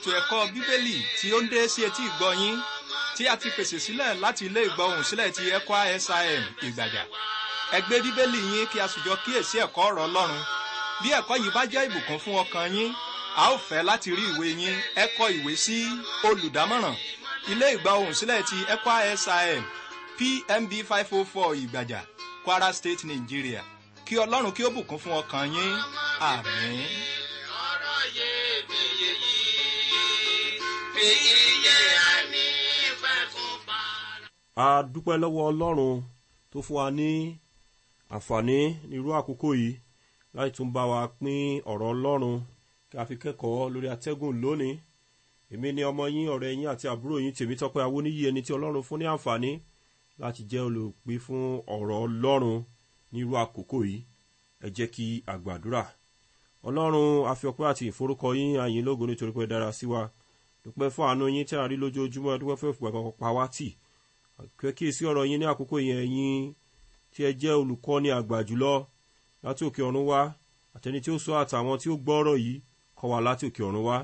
ètò ẹ̀kọ́ bíbélì tí ó ń dé sí etí ìgbọ́ yín tí a ti pèsè sílẹ̀ láti ilé ìgbọ́hùn sílẹ̀ ti ECWA SIM Ìgbàjà ẹ gbé bíbélì yín kí a sì jọ kíyèsí ẹ̀kọ́ ọ̀rọ̀ Ọlọ́run bí ẹ̀kọ́ yìí bá jẹ́ ìbùkún fún ọkàn yín a ó fẹ́ láti rí ìwé yín ẹ ìwé sí olùdámọ̀ràn ilé ìgbọ́hùn sílẹ̀ ti ECWA SIM PMB 504 Ìgbàjà Kwara State Nigeria kí Ọlọ́run kí ó bùkún fún ọkàn yín àmín. ọ̀rọ̀ a dúpẹ́ lọ́wọ́ ọlọ́run tó fún wa ní àǹfààní nírú àkókò yìí láti tún bá wa pín ọ̀rọ̀ ọlọ́run kí a fi kẹ́kọ̀ọ́ lórí atẹ́gùn lónìí èmi ni ọmọ yín ọ̀rẹ́ yín àti àbúrò yín Tèmítọ́pẹ́ Awóníyì ẹni tí ọlọ́run fún ní àǹfààní láti jẹ́ olùpí fún ọ̀rọ̀ ọlọ́run nírú àkókò yìí ẹ jẹ́ kí a ọlọ́run a fi ọpẹ́ àti ìforúkọ yín àyìn lógo nítorí pé dára sí wa dúpẹ́ fún àánú yín tí a rí lójoojúmọ́ dúpẹ́ fún ìfúgbà kankan pa wá tì kíyèsí ọ̀rọ̀ yín ní àkókò yẹn yín tí ẹ jẹ́ olùkọ́ni àgbà jùlọ láti òkè ọ̀run wá àtẹni tí ó sọ àtàwọn tí ó gbọ́ ọ̀rọ̀ yìí kọ́ wa láti òkè ọ̀run wá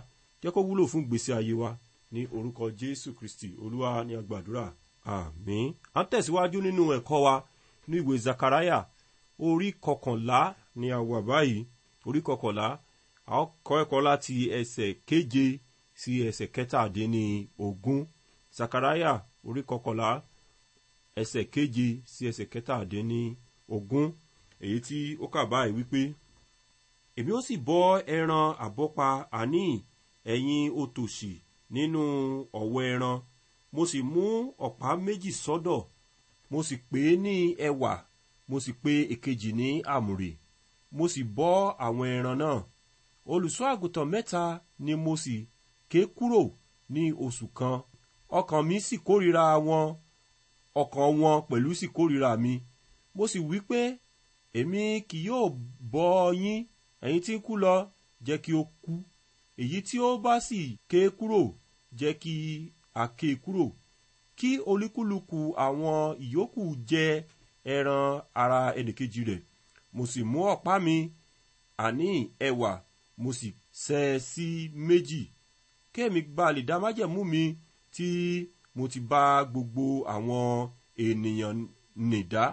jẹ́ kó wúlò fún gbèsè ayé wa ní orúkọ Jésù Kristi Olúwa ni àgbàdúrà àmín à ń tẹ̀síwájú nínú ẹ̀kọ́ wa ní ìwé Zakaraya orí kọkànlá ni a wà báyìí orí kọkànlá a ó kọ́ ẹ̀kọ́ láti ẹsẹ̀ keje sí ẹsẹ̀ kẹtàdínní ogún sakaraya orí kọkànlá ẹsẹ̀ keje sí ẹsẹ̀ kẹtàdínní ogún èyí tí ó kà báyìí wípé èmi ó sì bọ́ ẹran àbọ́pa àní ẹ̀yìn òtòṣì nínú ọ̀wọ́ ẹran mo sì mú ọ̀pá méjì sọ́dọ̀ mo sì pè é ní ẹwà mo sì pè èkejì ní àmùrè mo sì bọ́ àwọn ẹran náà olùṣọ́ mẹ́ta ni mo sì ké kúrò ní oṣù kan ọkàn mi sì kórìíra wọn ọkàn wọn pẹ̀lú sì kórìíra mi mo sì wí pé èmi kì yóò bọ yín ẹ̀yin tí ń kú lọ jẹ́ kí ó kú èyí tí ó bá sì ké kúrò jẹ́ kí a ké kúrò kí olúkúlùkù àwọn ìyókù jẹ ẹran ara ẹnìkejì rẹ̀ mo sì mú ọ̀pá mi àní ẹ̀wà mo sì ṣẹ́ sí méjì kémi ba lè dá májẹ̀mú mi tí mo ti bá gbogbo àwọn ènìyàn nìdá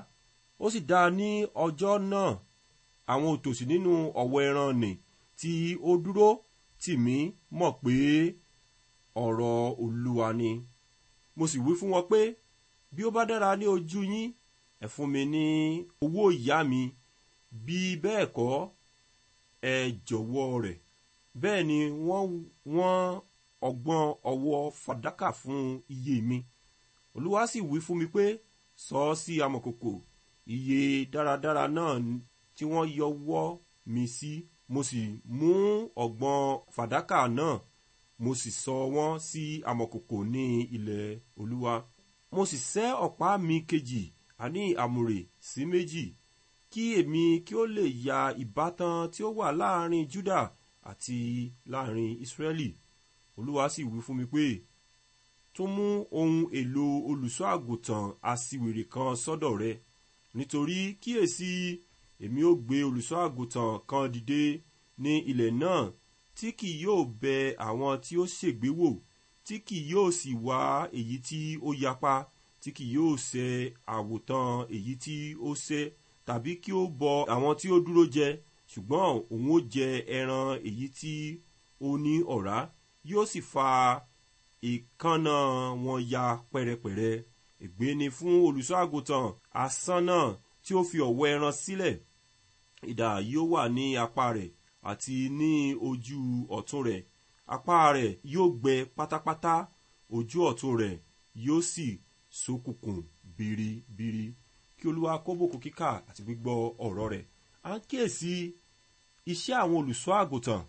ó sì dá ní ọjọ́ náà àwọn òtòṣì nínú ọ̀wọ́ ẹran nì tí ó dúró tì mí mọ̀ pé ọ̀rọ̀ olúwa ni mo sì wí fún wọn pé bí ó bá dára ní ojú yín ẹ fún mi ní owó ìyá mi bí bẹ́ẹ̀ kọ́ ẹ jọ̀wọ́ rẹ̀ bẹ́ẹ̀ ni wọ́n wọ́n ọgbọ́n ọwọ́ fàdákà fún iye mi olúwa sì wí fún mi pé sọ ọ́ sí amọ̀kòkò iye dáradára náà tí wọ́n yọwọ́ mi sí mo sì mú ọgbọ́n fàdákà náà mo sì sọ wọ́n sí amọ̀kòkò ní ilẹ̀ olúwa mo sì ṣẹ́ ọ̀pá mi kejì àní àmùrè sí méjì kí èmi kí ó lè ya ìbátan tí ó wà láàrin Júdà àti láàrin Israeli olúwa sì wí fún mi pé tún mú ohun èlò olùṣọ́ àgùntàn aṣiwèrè kan sọ́dọ̀ rẹ nítorí kíyèsí èmi ó gbé olùṣọ́ àgùntàn kan dìde ní ilẹ̀ náà tí kì yóò bẹ àwọn tí ó ṣègbé wò tí kì yóò sì wá èyí tí ó yapa tí kì yóò ṣe àwòtán èyí tí ó ṣe tàbí kí ó bọ àwọn tí ó dúró jẹ ṣùgbọ́n òun ó jẹ ẹran èyí tí ó ní ọ̀rá yóò sì fa ìkànnà wọn ya pẹ́rẹpẹ̀rẹ ègbé ni fún olùṣọ́ àgùntàn asán náà tí ó fi ọ̀wọ́ ẹran sílẹ̀ idà yóò wà ní apá rẹ̀ àti ní ojú ọ̀tún rẹ̀ apá rẹ̀ yóò gbẹ pátápátá ojú ọ̀tún rẹ̀ yóò sì ṣókùnkùn biribiri kí olúwa kó kíkà àti gbígbọ́ ọ̀rọ̀ rẹ̀ à ń kíyèsí iṣẹ́ àwọn olùṣọ́ àgùntàn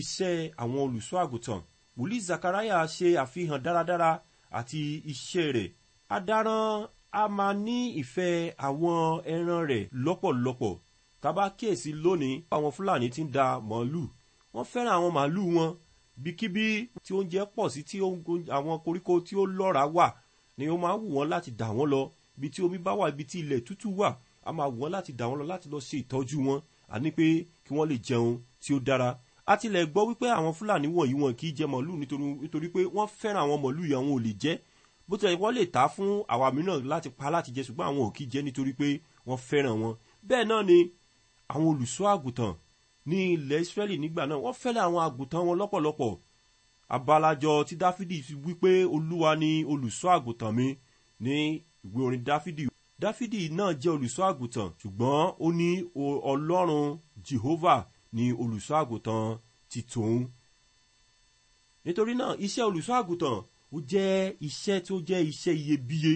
iṣẹ́ àwọn olùṣọ́ àgùntàn wòlíì Zakaria ṣe àfihàn dáradára àti iṣẹ́ rẹ̀ adarán a máa ní ìfẹ́ àwọn ẹran rẹ̀ lọ́pọ̀lọpọ̀ tábà kíyèsí lónìí àwọn Fúlàní ti ń da màálù wọ́n fẹ́ràn àwọn màálù wọn bíkíbí tí oúnjẹ pọ̀ sí tí àwọn koríko tí ó lọ́ra wà ni ó máa wù wọ́n láti dà wọ́n lọ ibi tí omi bá wà ibi tí ilẹ̀ tútù wà a máa wù wọ́n láti dà wọ́n lọ láti lọ ṣe ìtọ́jú wọn àní pé kí wọ́n lè jẹun tí ó dára a tilẹ̀ gbọ́ wípé àwọn fúlàní wọ̀nyí wọn kì í jẹ mọ̀lú nítorí pé wọ́n fẹ́ràn àwọn mọ̀lú yìí àwọn ò lè jẹ bó tilẹ̀ wọ́n lè ta fún àwa mìíràn láti pa láti jẹ ṣùgbọ́n àwọn ò kì í jẹ nítorí pé wọ́n fẹ́ràn wọn bẹ́ẹ̀ náà ni àwọn olùṣọ́ àgùntàn ní ilẹ̀ Ísírẹ́lì nígbà náà wọ́n fẹ́ràn àwọn àgùntàn wọn lọ́pọ̀lọpọ̀ abalajọ tí Dáfídì fi wípé Olúwa ni olùṣọ́ àgùntàn mi ní ìwé orin Dáfídì Dáfídì náà jẹ́ olùṣọ́ àgùntàn ṣùgbọ́n ó ní Ọlọ́run Jehovah ni olùṣọ́ àgùntàn ti tòun. nítorí náà iṣẹ́ olùṣọ́ àgùntàn ó jẹ́ iṣẹ́ tí ó jẹ́ iṣẹ́ iyebíye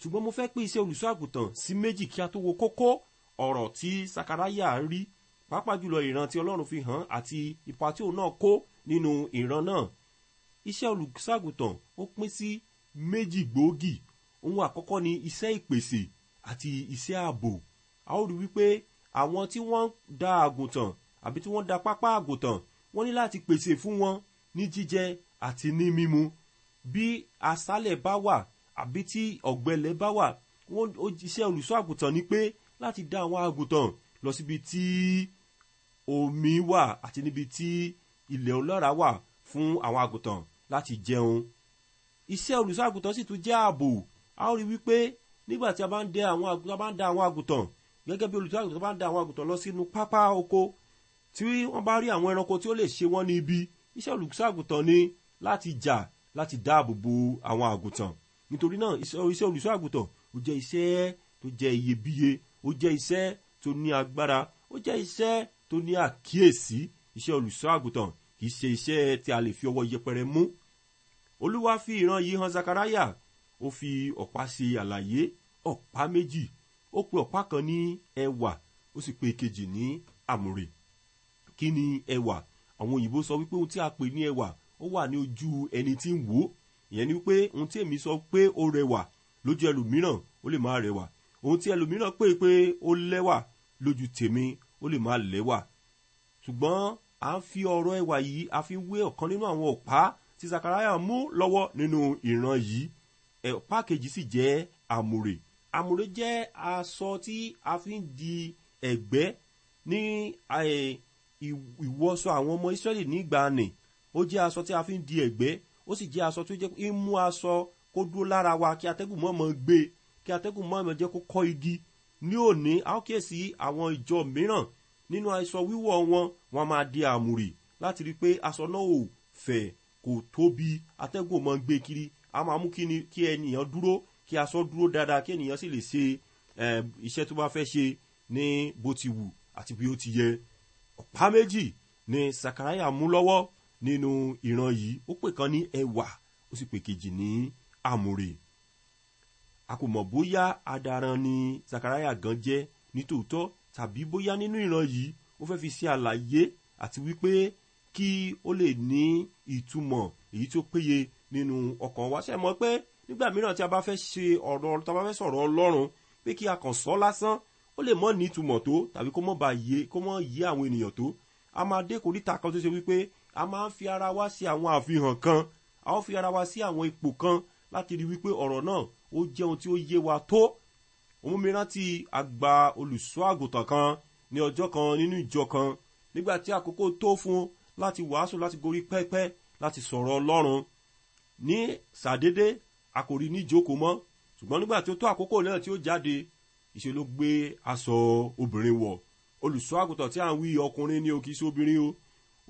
ṣùgbọ́n mo fẹ́ pín iṣẹ́ olùṣọ́ àgùntàn sí méjì kí a tó wo kókó ọ̀rọ̀ tí sakaraya ń rí pàápàá jùlọ ìran tí ọlọ́run fi hàn àti ipa tí òun náà kó nínú ìran náà iṣẹ́ olùṣọ́ àgùntàn ó pín sí méjì gbòógì ohun àkọ́kọ́ ni iṣẹ́ ìpèsè àti iṣẹ́ ààbò a ó rí wípé àwọn tí wọ́n ń da àgùntàn àbí tí wọ́n da pápá àgùntàn wọ́n ní láti pèsè fún wọn ní jíjẹ àti ní mímu bí aṣálẹ̀ bá wà àbí tí ọ̀gbẹlẹ̀ bá wà wọ́n iṣẹ́ olùṣọ́ àgùntàn ni pé láti dá àwọn àgùntàn lọ síbi tí omi wà àti níbi tí ilẹ̀ ọlọ́ràá wà fún àwọn àgùntàn láti jẹun iṣẹ́ olùṣọ́ àgùntàn sì tún jẹ́ ààbò a ó rí wípé nígbà tí a bá ń dá àwọn àgùntàn gẹ́gẹ́ bí olùṣọ́ àgùntàn bá ń dá àwọn àgùntàn lọ sínú pápá oko tí wọ́n bá rí àwọn ẹranko tí ó lè ṣe wọ́n ní ibi iṣẹ́ olùṣọ́àgùtàn ni láti jà láti dáàbò bo àwọn àgùntàn nítorí náà iṣẹ́ olùṣọ́àgùtàn ó jẹ́ iṣẹ́ tó jẹ́ iyebíye ó jẹ́ iṣẹ́ tó ní agbára ó jẹ́ iṣẹ́ tó ní àkíyèsí iṣẹ́ olùṣọ́àgùtàn kì í ṣe iṣẹ́ tí a lè fi ọwọ́ yẹpẹrẹ mú olúwa fi ìran yìí hàn zakaraya ó fi ọ̀pá ṣe àlàyé ọ̀pá méjì ó pe ọ̀pá kan ní ẹwà ó sì pe ìkejì ní àmùrè kí ni ẹwà àwọn òyìnbó sọ wípé ohun tí a pè ní ẹwà ó wà ní ojú ẹni tí ń wò ó ìyẹn ni wípé ohun tí èmi sọ pé ó rẹwà lójú ẹlòmíràn ó lè má rẹwà ohun tí ẹlòmíràn pè pé ó lẹ́wà lójú tèmi ó lè má lẹ́wà ṣùgbọ́n à ń fi ọ̀rọ̀ ẹwà yìí a fi wé ọ̀kan nínú àwọn ọ̀pá tí Sakaraya mú lọ́wọ́ nínú ìran yìí ọ̀pá kejì sì jẹ́ àmùrè àmùrè jẹ́ aṣọ tí a fi ń di ẹ̀gbẹ́ ní ìwọṣọ àwọn ọmọ Ísírẹ́lì nígbàanì ó jẹ́ aṣọ tí a fi ń di ẹ̀gbẹ́ ó sì jẹ́ aṣọ tó jẹ́ ń mú aṣọ kó dúró lára wa kí atẹ́gùn mọ́ mọ́ gbé kí atẹ́gùn mọ́ mọ́ jẹ́ kó kọ́ igi ní òní a ó kíyèsí àwọn ìjọ mìíràn nínú aṣọ wíwọ̀ wọn wọn máa di àmùrè láti rí i pé aṣọ náà ò fẹ̀ kò tóbi atẹ́gùn mọ́ gbé kiri a máa mú kí ènìyàn dúró kí aṣọ dúró dáadáa kí ènìyàn sì lè ṣe iṣẹ́ tó bá fẹ́ ṣe ní bó ti wù àti bí ó ti yẹ ọ̀pá méjì ni Sakaraya mú lọ́wọ́ nínú ìran yìí ó pè kan ní ẹwà ó sì pè kejì ní àmùrè a kò mọ̀ bóyá adaran ni Sakaraya gan jẹ́ nítòótọ́ tàbí bóyá nínú ìran yìí ó fẹ́ fi ṣe àlàyé àti wípé kí ó lè ní ìtumọ̀ èyí tó péye nínú ọkàn wa ṣe mọ̀ pé nígbà mìíràn tí a bá fẹ́ ṣe ọ̀rọ̀ tí a bá fẹ́ sọ̀rọ̀ Ọlọ́run pé kí a kàn sọ lásán ó lè mọ́ nítumọ̀ tó tàbí kó mọ́ bá yé kó mọ́ yé àwọn ènìyàn tó a máa dé kòríta kan tó ṣe wípé a máa ń fi ara wa sí àwọn àfihàn kan a ó fi ara wa sí àwọn ipò kan láti rí wípé ọ̀rọ̀ náà ó jẹ́ ohun tí ó yé wa tó òun mi rántí àgbà olùṣọ́ àgùntàn kan ní ọjọ́ kan nínú ìjọ kan nígbà tí àkókò tó fún láti wàásù láti gorí pẹ́pẹ́ láti sọ̀rọ̀ ọlọ́run ní sàdédé a kò rí níjókòó mọ́ ṣùgbọ́n nígbà tí ó tó àkókò náà tí ó jáde ìṣe ló gbé aṣọ obìnrin wọ̀ olùṣọ́ àgùntàn tí à ń wí ọkùnrin ni o kì í ṣe obìnrin o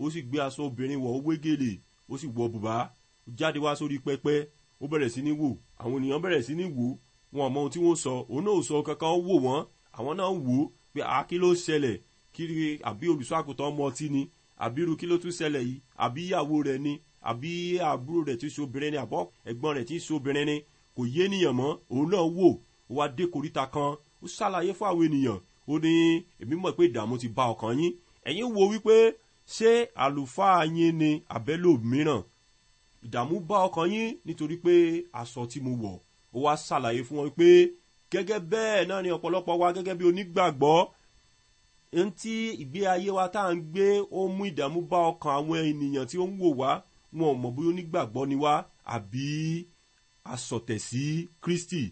ó sì gbé aṣọ obìnrin wọ̀ ó wé gèlè ó sì wọ bùbá ó jáde wá sórí pẹpẹ ó bẹ̀rẹ̀ sí ní wò àwọn ènìyàn bẹ̀rẹ̀ sí ní wò wọn ò mọ ohun tí wọ́n sọ òun náà ò sọ kankan ó wò wọ́n àwọn náà wò ó pé àákí ló ṣẹlẹ̀ kiri àbí olùṣọ́ àgùntàn ọmọ ọtí ni àbí irú kí ló tún ṣẹlẹ̀ yìí àbí ìyàwó rẹ̀ ni àbí àbúrò rẹ̀ tí ń ṣe obìnrin ni àbọ̀ ẹ̀gbọ́n rẹ̀ tí ń ṣe ni kò yé ènìyàn mọ́ òun náà wò ó wá dé koríta kan ó ṣàlàyé fún àwọn ènìyàn ó ní èmi mọ̀ pé ìdààmú ti bá ọkàn yín ẹ̀yin wo wípé ṣé àlùfáà yín ni àbẹ́lò mìíràn ìdààmú bá ọkàn yín nítorí pé aṣọ tí mo wọ̀ ó wá ṣàlàyé fún wọn pé gẹ́gẹ́ bẹ́ẹ̀ náà ni ọ̀pọ̀lọpọ̀ wa gẹ́gẹ́ bí onígbàgbọ́ ntí ìgbé ayé wa tá à ń gbé ó mú ìdààmú bá ọkàn àwọn ènìyàn tí ó ń wò wá wọn ò mọ̀ bóyá onígbàgbọ́ ni wá àbí asọ̀tẹ̀ Kristi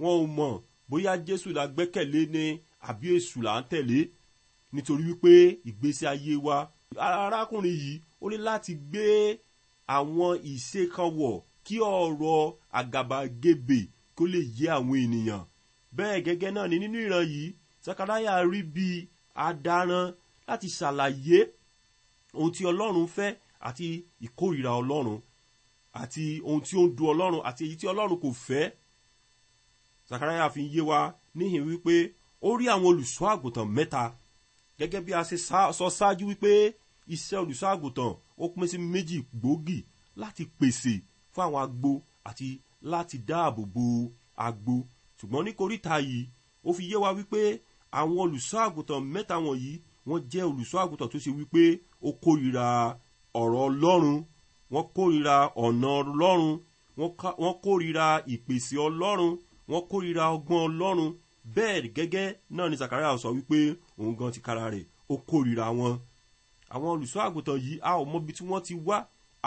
wọn ò mọ̀ bóyá jésù la gbẹ́kẹ̀lé ní àbí èṣù là ń tẹ̀lé nítorí wípé ìgbésí ayé wa arákùnrin yìí ó ní láti gbé àwọn ìṣe kan wọ̀ kí ọ̀rọ̀ àgàbàgebè kó lè yé àwọn ènìyàn bẹ́ẹ̀ gẹ́gẹ́ náà ni nínú ìran yìí sakaraya rí bí adaran láti ṣàlàyé ohun tí ọlọ́run fẹ́ àti ìkórìíra ọlọ́run àti ohun tí ó ń du ọlọ́run àti èyí tí ọlọ́run kò fẹ́ Zachariah fi yé wa níhìn wípé ó rí àwọn olùṣọ́ àgùntàn mẹ́ta gẹ́gẹ́ bí a ṣe sọ ṣáájú wípé iṣẹ́ olùṣọ́ àgùntàn ó pín sí méjì gbòógì láti pèsè fún àwọn agbo àti láti dáàbò bo agbo ṣùgbọ́n ní koríta yìí ó fi yé wa wípé àwọn olùṣọ́ àgùntàn mẹ́ta wọ̀nyí wọ́n jẹ́ olùṣọ́ àgùntàn tó ṣe wípé ó kórìíra ọ̀rọ̀ ọlọ́run wọ́n kórìíra ọ̀nà ọlọ́run wọ́n kórìíra ìpèsè ọlọ́run wọ́n kórìíra ọgbọ́n ọlọ́run bẹ́ẹ̀ gẹ́gẹ́ náà ni Sàkáríà sọ wípé òun gan ti kára rẹ̀ ó kórìíra wọn. àwọn olùṣọ́ àgùntàn yìí a ò mọ ibi tí wọ́n ti wá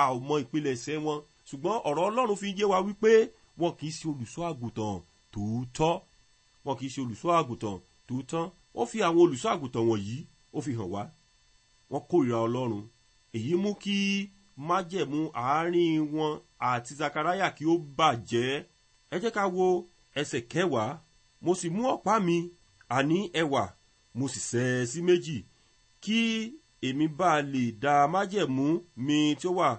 a ò mọ ìpilẹ̀ṣẹ̀ wọn ṣùgbọ́n ọ̀rọ̀ ọlọ́run fi yé wa wípé wọn kì í ṣe olùṣọ́ àgùntàn tòótọ́ wọn kì í ṣe olùṣọ́ àgùntàn tòótọ́ wọ́n fi àwọn olùṣọ́ àgùntàn wọ̀nyí ó fi hàn wá wọ́n kórìíra ọlọ́run èyí mú kí májẹ̀mú àárín wọn àti Sakaraya kí ó bàjẹ́ ẹ jẹ́ ká wo ẹsẹ̀ kẹwàá mo sì mú ọ̀pá mi àní ẹwà mo sì ṣẹ́ ẹ sí méjì kí èmi bá lè da májẹ̀mú mi tó wà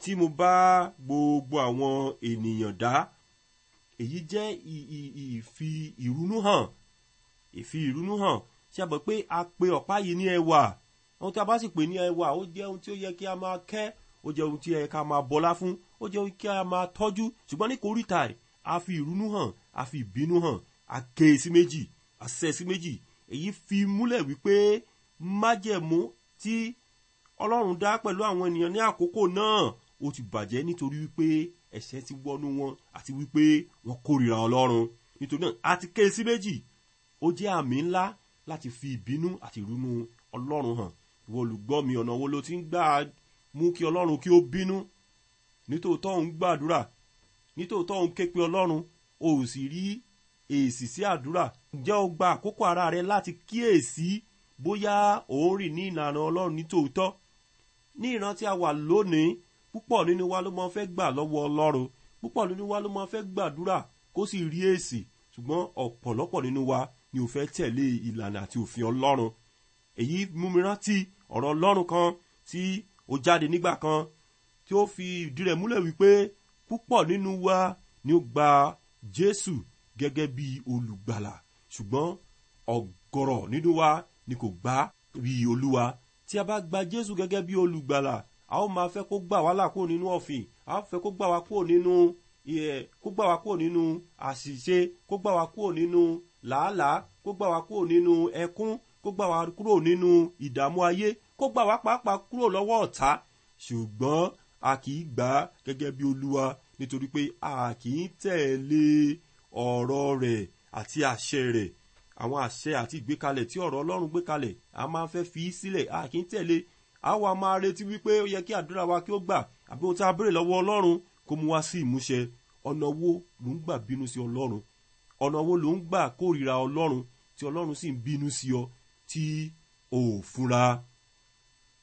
tí mo bá gbogbo àwọn ènìyàn dá èyí jẹ́ ìfi ìrunú hàn ìfi ìrunú hàn ṣe àbọ̀ pé a pe ọ̀pá yìí ní ẹwà ohun tí a bá sì pè ní ẹwà ó jẹ́ ohun tí ó yẹ kí a máa kẹ́ ó jẹ́ ohun tí ó yẹ ká máa bọlá fún ó jẹ́ ohun tí a máa tọ́jú ṣùgbọ́n ní kòríta ẹ̀ a fi ìrúnú hàn a fi ìbínú hàn a ké e sí méjì a sẹ́ sí méjì èyí fi múlẹ̀ wípé májẹ̀mú tí ọlọ́run dá pẹ̀lú àwọn ènìyàn ní àkókò náà ó ti bàjẹ́ nítorí wípé ẹ̀ṣẹ̀ ti wọnú wọn àti wípé wọn kórìíra ọlọ́run nítorí náà a ti ké e sí méjì ó jẹ́ àmì ńlá láti fi ìbínú àti ìrúnú ọlọ́run hàn ìwọ olùgbọ́ mi ọ̀nà wo ló ti ń gbà mú kí ọlọ́run kí ó bínú nítòótọ́ ń gbàdúrà nítòótọ́ òun ké pe ọlọ́run o ò sì rí èsì sí àdúrà ǹjẹ́ o gba àkókò ara rẹ láti kíyèsí bóyá òun rìn ní ìlànà ọlọ́run nítòótọ́ ní ìran a wà lónìí púpọ̀ nínú wa ló mọ fẹ́ gbà lọ́wọ́ ọlọ́run púpọ̀ nínú wa ló mọ fẹ́ gbàdúrà kó sì rí èsì ṣùgbọ́n ọ̀pọ̀lọpọ̀ nínú wa ni ò fẹ́ tẹ̀lé ìlànà àti òfin ọlọ́run èyí mú mi rántí ọ̀rọ̀ ọlọ́run kan tí ó jáde nígbà kan tí ó fi ìdí rẹ̀ múlẹ̀ wípé púpọ̀ nínú wa ni ó gba Jésù gẹ́gẹ́ bí olùgbàlà ṣùgbọ́n ọ̀gọ̀rọ̀ nínú wa ni kò gbà rí Olúwa tí a bá gba Jésù gẹ́gẹ́ bí olùgbàlà a ó máa fẹ́ kó gbà wá là kúrò nínú ọ̀fìn a ó fẹ́ kó gbà wá kúrò nínú kó gbà wá kúrò nínú àṣìṣe kó gbà wá kúrò nínú làálàá kó gbà wá kúrò nínú ẹkún kó gbà wá kúrò nínú ìdààmú ayé kó gbà wá pàápàá kúrò lọ́wọ́ ọ̀tá ṣùgbọ́n a kì í gbà á gẹ́gẹ́ bí olúwa nítorí pé a kì í tẹ̀lé ọ̀rọ̀ rẹ̀ àti àṣẹ rẹ̀ àwọn àṣẹ àti ìgbékalẹ̀ tí ọ̀rọ̀ ọlọ́run gbé kalẹ̀ a máa fẹ́ fi í sílẹ̀ a kì í tẹ̀lé a wà máa retí wípé ó yẹ kí àdúrà wa kí ó gbà àbí ohun tá a béèrè lọ́wọ́ ọlọ́run kó mú wá sí ìmúṣẹ ọ̀nà wo ló ń gbà bínú sí ọlọ́run ọ̀nà wo ló ń gbà kórìíra ọlọ́run tí ọlọ́run sì ń bínú sí ọ tí ò fura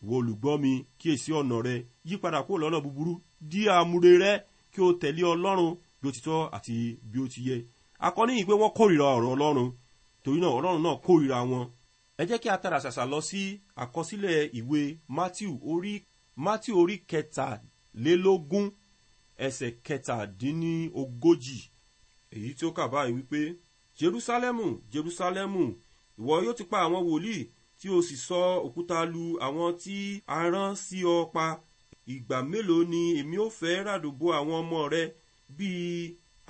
wo olùgbọ́ mi kíyèsí ọ̀nà rẹ yípadà kúrò lọ́nà búburú dí àmúre rẹ kí o tẹ̀lé ọlọ́run bí ó ti tọ́ àti bí ó ti yẹ akọni yìí pé wọ́n kórìíra ọ̀rọ̀ ọlọ́run torí náà ọlọ́run náà kórìíra wọn ẹ jẹ́ kí a tara ṣàṣà lọ sí àkọsílẹ̀ ìwé matthew orí matthew orí kẹtàlélógún ẹsẹ̀ kẹtàdínlógójì èyí tí ó kà báyìí wípé jerusalemu jerusalemu ìwọ yóò ti pa àwọn wòlíì tí o sì sọ òkúta lu àwọn tí a rán sí ọ pa ìgbà mélòó ni èmi ò fẹ́ ràdòbo àwọn ọmọ rẹ bíi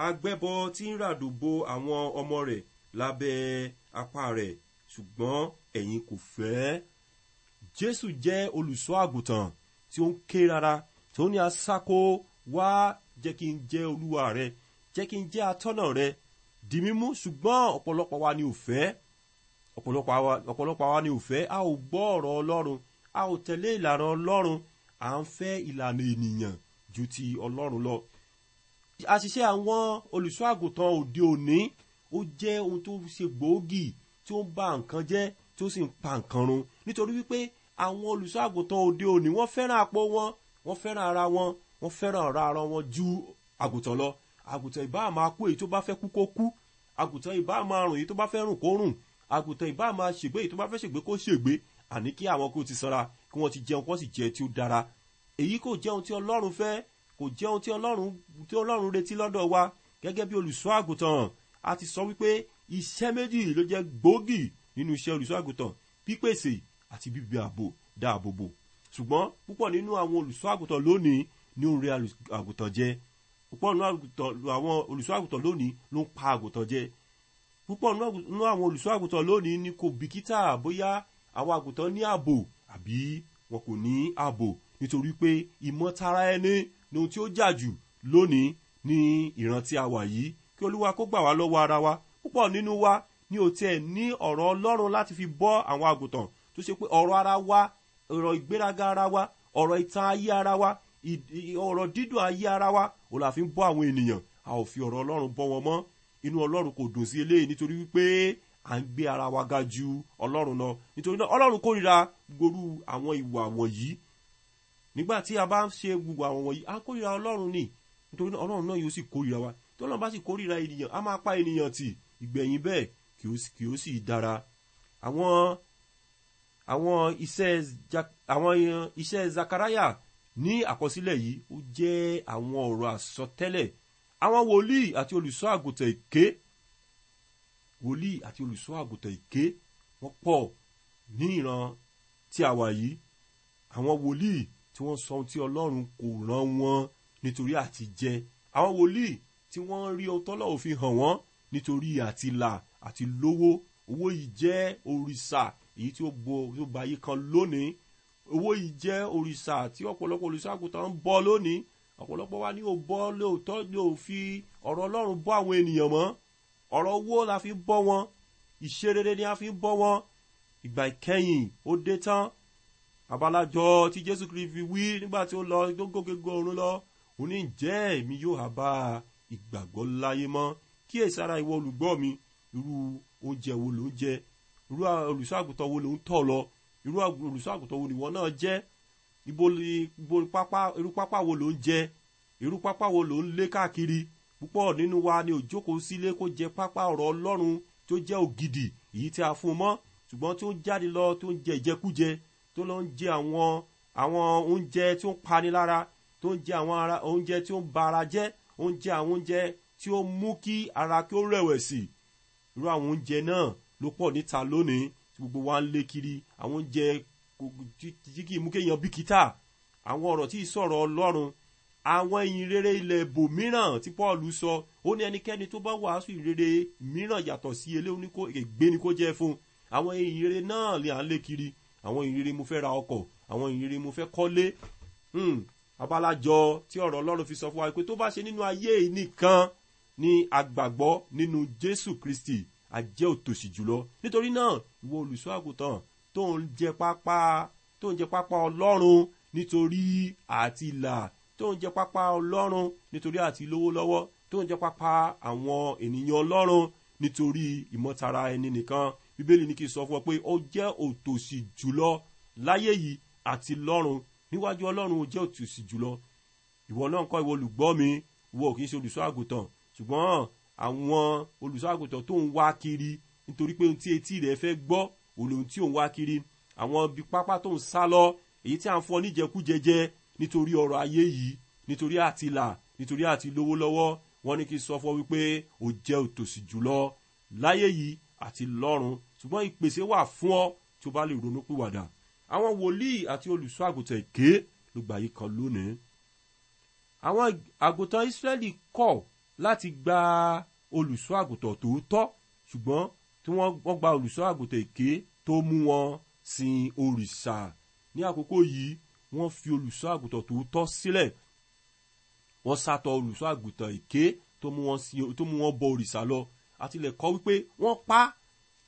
agbẹ́bọ tí ń ràdòbo àwọn ọmọ rẹ̀ lábẹ́ apá rẹ̀ ṣùgbọ́n ẹ̀yin kò fẹ́. jésù jẹ́ olùṣọ́ àgùntàn tí ó ń ké rara tó ní asákó wá jẹ́ kí n jẹ́ olúwa rẹ jẹ́ kí n jẹ́ atọ́nà rẹ di mímú ṣùgbọ́n ọ̀pọ̀lọpọ̀ wa ni ò fẹ́ ọ̀pọ̀lọpọ̀ àwa ni ò fẹ́ a ò gbọ́ ọ̀rọ̀ ọlọ́run a ò tẹ̀lé ìlànà ọlọ́run à ń fẹ́ ìlànà ènìyàn ju ti ọlọ́run lọ. àṣìṣe àwọn olùṣọ́ àgùntàn òde òní ó jẹ́ ohun tó ṣe gbòógì tí ó ń ba nǹkan jẹ́ tí ó sì ń pa nǹkan run nítorí wípé àwọn olùṣọ́ àgùntàn òde òní wọ́n fẹ́ràn àpò wọn wọ́n fẹ́ràn ara wọn wọ́n fẹ́ràn ara ara wọn ju àgùntàn lọ àgùntàn ìbá máa kú èyí tó bá fẹ́ kú kó kú àgùntàn ìbá máa rùn èyí tó bá fẹ́ rùn kó rùn àgùntàn ìbá máa ṣègbé èyí tó bá fẹ́ ṣègbé kó ṣègbé àní kí àwọn kó ti sanra kí wọ́n ti jẹun kó sì jẹ tí ó dára èyí kò jẹun tí ọlọ́run fẹ́ kò jẹun tí ọlọ́run tí ọlọ́run retí lọ́dọ̀ wa gẹ́gẹ́ bí olùṣọ́ àgùntàn a ti sọ wípé iṣẹ́ méjì ló jẹ́ gbòógì nínú iṣẹ́ olùṣọ́ àgùntàn pípèsè àti bíbi ààbò dáàbòbò ṣùgbọ́n púpọ̀ nínú àwọn olùṣọ́ àgùntàn lónìí ní ó ń rẹ́ àgùntàn jẹ púpọ̀ nínú àwọn olùṣọ́ àgùntàn lónìí ló ń pa àgùntàn jẹ púpọ̀ nínú àwọn olùṣọ́ àgùntàn lónìí ni kò bìkítà bóyá àwọn àgùntàn ní ààbò àbí wọn kò ní ààbò nítorí pé ìmọ̀tara ẹni ni ohun tí ó jà jù lónìí ní ìran tí yìí kí olúwa kó gbà wá lọ́wọ́ ara wa púpọ̀ nínú wa ni ò tiẹ̀ ní ọ̀rọ̀ ọlọ́run láti fi bọ́ àwọn àgùntàn tó ṣe pé ọ̀rọ̀ ara wa ọ̀rọ̀ ìgbéraga ara wa ọ̀rọ̀ ìtàn ayé ara wa ọ̀rọ̀ dídùn ayé ara wa òun la ń bọ́ àwọn ènìyàn a ò fi ọ̀rọ̀ ọlọ́run bọ́ wọn mọ́ inú ọlọ́run kò dùn sí eléyìí nítorí wípé à ń gbé ara wa ga ju ọlọ́run lọ nítorí náà ọlọ́run kórìíra gorú àwọn ìwà wọ̀nyí nígbà tí a bá ń ṣe gbogbo àwọn wọ̀nyí a kórìíra ọlọ́run ni nítorí náà ọlọ́run náà yóò sì kórìíra wa tí ọlọ́run bá sì kórìíra ènìyàn a máa pa ènìyàn tì ìgbẹ̀yìn bẹ́ẹ̀ kì ó sì dára àwọn iṣẹ́ Zakaraya ní àkọsílẹ̀ yìí ó jẹ́ àwọn ọ̀rọ̀ àsọtẹ́lẹ̀ àwọn wòlíì àti olùṣọ́ àgùntàn èké wòlíì àti olùṣọ́ àgùntàn èké wọ́n pọ̀ ní ìran tí a wà yìí àwọn wòlíì tí wọ́n sọ ohun tí ọlọ́run kò rán wọn nítorí àti jẹ àwọn wòlíì tí wọ́n rí ohun òfin hàn wọ́n nítorí àti là àti lówó owó yìí jẹ́ òrìṣà èyí tí ó bo tó ba yìí kan lónìí owó yìí jẹ́ òrìṣà tí ọ̀pọ̀lọpọ̀ olùṣọ́ àgùntàn ń bọ lónìí ọ̀pọ̀lọpọ̀ wa ní ò bọ́ lóòótọ́ ní ò fi ọ̀rọ̀ ọlọ́run bọ́ àwọn ènìyàn mọ́ ọ̀rọ̀ owó la fi bọ́ wọn ìṣe rere ni a fi bọ́ wọn ìgbà ìkẹyìn ó dé tán abalajọ tí jésù kiri fi wí nígbà tí ó lọ gógógógó ọ̀run lọ ó ní ǹjẹ́ èmi yóò hà bá ìgbàgbọ́ láyé mọ́ kíyèsí ara ìwọ olùgbọ́ mi irú oúnjẹ wo ló ń jẹ irú olùṣọ́ wo ló ń tọ̀ lọ irú olùṣọ́ wo nìwọ náà jẹ́ ibo pápá irú pápá wo ló ń jẹ irú pápá wo ló ń lé káàkiri púpọ̀ nínú wa ni òjókòó sílé kó jẹ pápá ọ̀rọ̀ ọlọ́run tó jẹ́ ògidì èyí tí a fún un mọ́ ṣùgbọ́n tó ń jáde lọ tó ń jẹ ìjẹkújẹ tó lọ ń jẹ àwọn àwọn oúnjẹ tó ń pani lára tó ń jẹ àwọn oúnjẹ tó ń ba ara jẹ́ oúnjẹ àwọn oúnjẹ tí ó mú kí ara kí ó rẹ̀wẹ̀sì irú àwọn oúnjẹ náà ló pọ̀ níta lónìí gbogbo wa ń lé kiri àwọn oúnjẹ jí kí mú kéèyàn bìkítà àwọn ọ̀rọ̀ tí ìsọ̀rọ̀ ọlọ́run àwọn ìyìn rere ilẹ̀ ìbò mìíràn tí paul sọ ó ní ẹnikẹ́ni tó bá wàásù ìrere mìíràn yàtọ̀ sí eléwọ́n kó ègbé ni kó jẹ́ fún àwọn ìyìn rere náà lè à ń lé kiri àwọn ìyìn rere mo fẹ́ ra ọkọ̀ àwọn ìyìn rere mo fẹ́ kọ́lé hmm, abalajọ tí ọ̀rọ̀ ọlọ́run fi sọ fún wa pé tó bá ṣe nínú ayé yìí nìkan ni àgbàgbọ́ nínú jésù kristi àjẹ́ òtòṣì jùlọ nítorí náà ìwọ olùṣọ́ àgùntàn tó ń jẹ pápá tó ń jẹ pápá ọlọ́run nítorí àti là tó ń jẹ pápá ọlọ́run nítorí àti lówó lọ́wọ́ tó ń jẹ pápá àwọn ènìyàn ọlọ́run nítorí ìmọ̀tara ẹni nìkan bíbélì ní kí n sọ fún ọ pé ó jẹ́ òtòṣì jùlọ láyé yìí àti lọ́run níwájú ọlọ́run ó jẹ́ òtòṣì jùlọ ìwọ náà kọ́ ìwọ olùgbọ́ mi ìwọ kì í ṣe olùṣọ́ àgùntàn ṣùgbọ́n àwọn olùṣọ́ àgùntàn tó ń wá kiri nítorí pé ohun tí etí rẹ̀ fẹ́ gbọ́ òun tí òun wá kiri àwọn ibi pápá tó ń sá lọ èyí tí à ń fọ níjẹkújẹjẹ nítorí ọrọ̀ ayé yìí nítorí àtìlà nítorí àti lówó lọ́wọ́ wọn ní kí sọ fọ wípé ó jẹ́ òtòṣì jùlọ láyé yìí àti lọ́run ṣùgbọ́n ìpèsè wà fún ọ tí o bá lè ronú pìwàdà àwọn wòlíì àti olùṣọ́ àgùntàn èké ló gbà yìí kan lónìí àwọn àgùntàn ìsírẹ́lì kọ̀ láti gba olùṣọ́ àgùntàn tòótọ́ ṣùgbọ́n tí wọ́n gba olùṣọ́ àgùntàn èké tó mú wọn sin òrìṣà ní àkókò yìí wọ́n fi olùṣọ́ àgùntàn tó tọ́ sílẹ̀ wọ́n sátọ̀ olùṣọ́ àgùntàn èké tó mú wọn bọ òrìṣà lọ àti ilẹ̀ kọ́ wípé wọ́n pa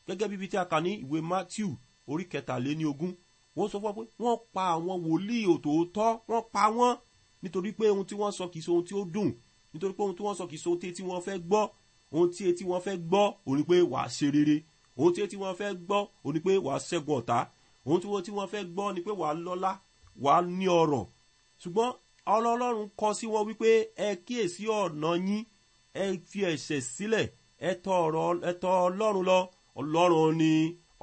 gẹ́gẹ́ bíbi tí a kà ní ìwé Matthew orí kẹtàléní ogún wọ́n sọ fún wa pé wọ́n pa àwọn wòlíì òtòótọ́ wọ́n pa wọ́n nítorí pé ohun tí wọ́n sọ kìí ṣe ohun tí ó dùn nítorí pé ohun tí wọ́n sọ kìí ṣe ohun tí wọ́n fẹ́ gbọ́ ohun tí etí wọn fẹ́ gbọ́ òun ni pé wàá ṣe rere ohun tí etí wọn fẹ́ gbọ́ òun ni pé wàá ṣẹ́gun ọ̀tá ohun tí wọ́n fẹ́ gbọ́ ni pé wàá lọ́lá wàá ní ọrọ̀ ṣùgbọ́n ọlọ́run kọ sí wọn wípé ẹ kíyèsí ọ̀nà yín ẹ fi ẹ̀ṣẹ̀ sílẹ̀ ẹ tọ̀ ọlọ́run lọ ọlọ́run ni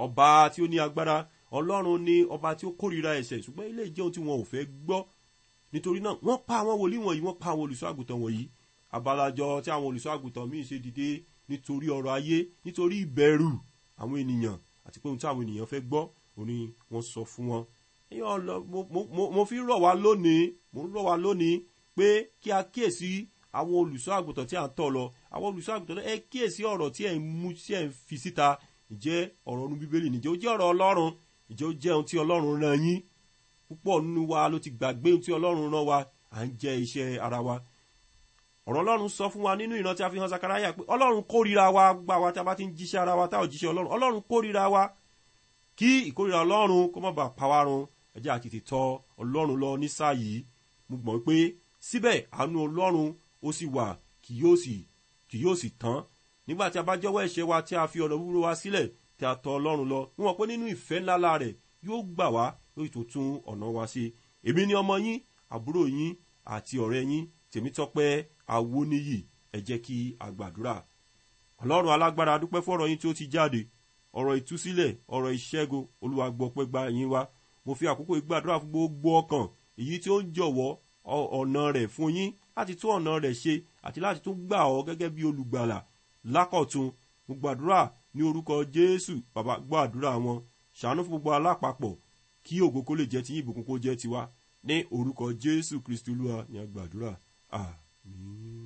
ọba tí ó ní agbára ọlọ́run ni ọba tí ó kórìíra ẹ̀ṣẹ̀ ṣùgbọ́n ilé ìjẹun tí wọn ò fẹ́ gbọ́ nítorí náà wọ́n pa àwọn wòlíì wọ̀nyí wọ́n pa àwọn olùṣọ́ wọ̀nyí abalajọ tí àwọn olùṣọ́ àgùntàn míì ṣe dìde nítorí ọrọ̀ ayé nítorí ìbẹ̀rù àwọn ènìyàn àti pé ohun tí àwọn ènìyàn fẹ́ gbọ́ òní wọ́n sọ fún wọn. mo fi rọ̀ wá lónìí mo rọ̀ wá lónìí pé kí a kíyèsí àwọn olùṣọ́ àgùntàn tí à ń tọ̀ lọ àwọn olùṣọ́ àgùntàn ẹ kíyèsí ọ̀rọ̀ tí ẹ ń mú tí ẹ ń fi síta ìjẹ́ ọ̀rọ̀ nu bíbélì nìjẹ́ ó jẹ́ ọ̀rọ̀ ọlọ́run ìjẹ́ ó jẹ́ ohun tí ọlọ́run rán yín púpọ̀ nínú wa ló ti gbàgbé ohun tí ọlọ́run rán wa à ń jẹ iṣẹ́ ara wa ọ̀rọ̀ ọlọ́run sọ fún wa nínú ìran tí a fi hàn Sakaraya pé ọlọ́run kórìíra wa gbà wa tí a bá ti ń jíṣẹ́ ara wa tá ò jíṣẹ́ ọlọ́run ọlọ́run kórìíra wa kí ìkórìíra ọlọ́run kó má bàa pa wá run ẹ jẹ́ a tètè ọlọ́run lọ nísà yìí mo gbọ́n pé síbẹ̀ àánú ọlọ́run ó sì wà kì yóò sì kì yóò sì tán nígbà tí a bá jẹ́wọ́ ẹ̀ṣẹ̀ wa tí a fi ọ̀rọ̀ búburú wa sílẹ̀ tí a tọ̀ ọlọ́run lọ mo mọ̀ pé nínú ìfẹ́ ńláńlá rẹ̀ yóò gbà awó níyì ẹ jẹ́ kí a gbàdúrà ọlọ́run alágbára dúpẹ́ fọ́rọ̀ yín tí ó ti jáde ọ̀rọ̀ ìtúsílẹ̀ ọ̀rọ̀ ìṣẹ́gun olúwa gbọ́pẹ́ gba yín wá mo fi àkókò ìgbàdúrà fún gbogbo ọkàn èyí tí ó ń jọ̀wọ́ ọ̀nà rẹ̀ fún yín láti tún ọ̀nà rẹ̀ ṣe àti láti tún gbà ọ́ gẹ́gẹ́ bí olùgbàlà lákọ̀tun mo gbàdúrà ní orúkọ jésù bàbá gbàdúrà wọn ṣàánú fún gbogbo alápapọ̀ kí ògo lè jẹ́ tiyín ìbùkún kó jẹ́ tiwa ní orúkọ jésù kristu olúwa ni a ah. Minha hum.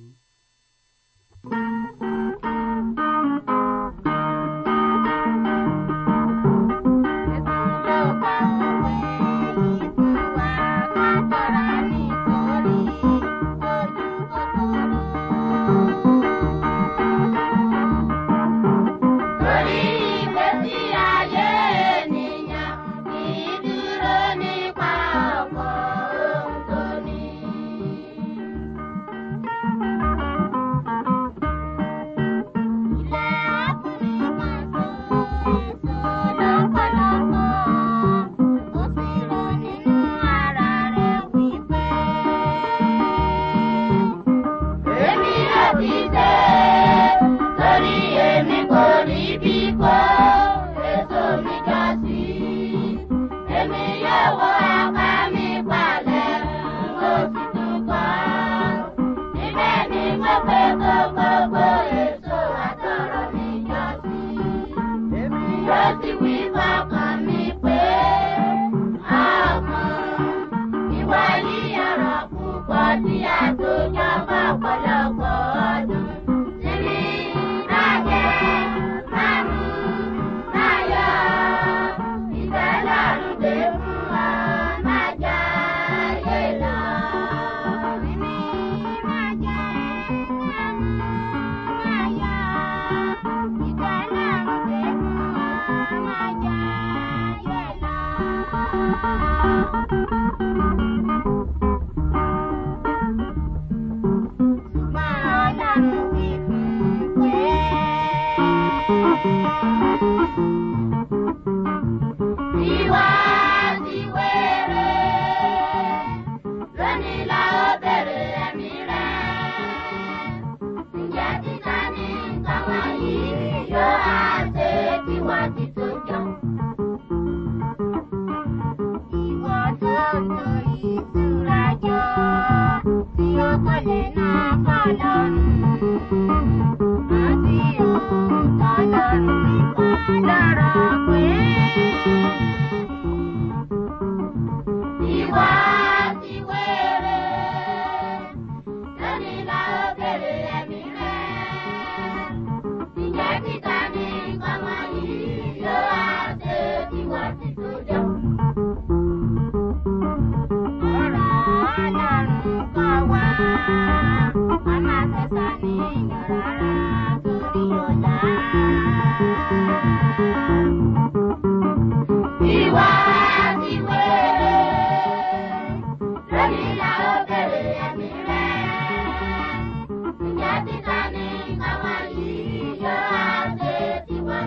Siapa lena kalah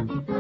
Thank you.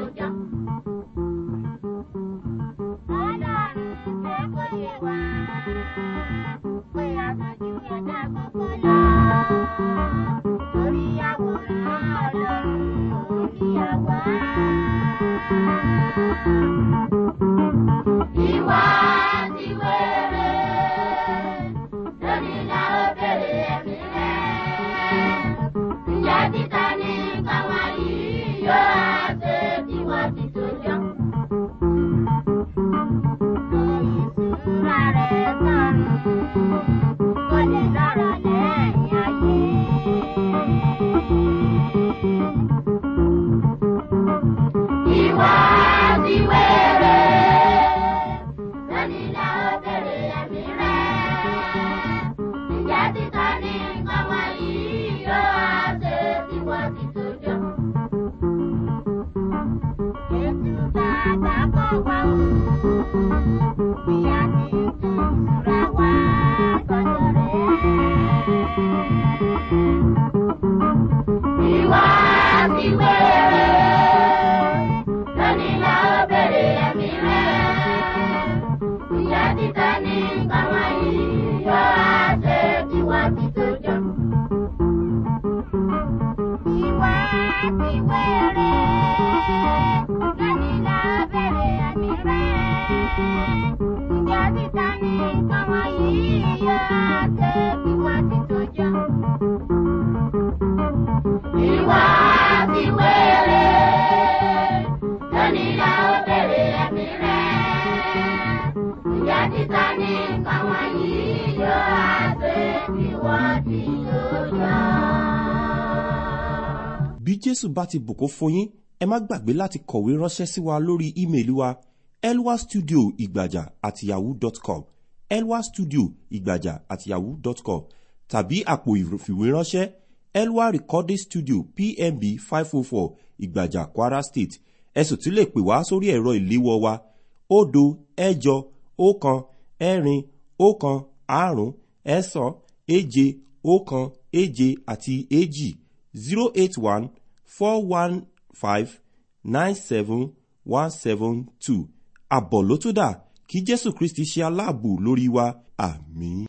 nígbà ó bèrè ẹ̀mí rẹ̀. Ìyá títa ní nǹkan wọ̀nyí yóò bí Jésù bá ti bùkún fún yín, ẹ má gbàgbé láti kọ̀wé ránṣẹ́ sí wa lórí ímeèlì wa elwastudio ìgbàjà at yahoo dot com elwastudio ìgbàjà at yahoo dot com tàbí àpò ìfìwéránṣẹ́ elwa recording studio pmb five oh four ìgbàjà kwara state ẹ sì tún lè pè wá sórí ẹ̀rọ ìléwọ́ wa òdo ẹ̀jọ ọ̀kan ẹ̀rin ọ̀kan àrún ẹ̀sán èje ọ̀kan èje àti èjì zero eight one four one five nine seven one seven two àbọ̀ ló tún dà kí jésù kristi ṣe aláàbò lórí wa àmín.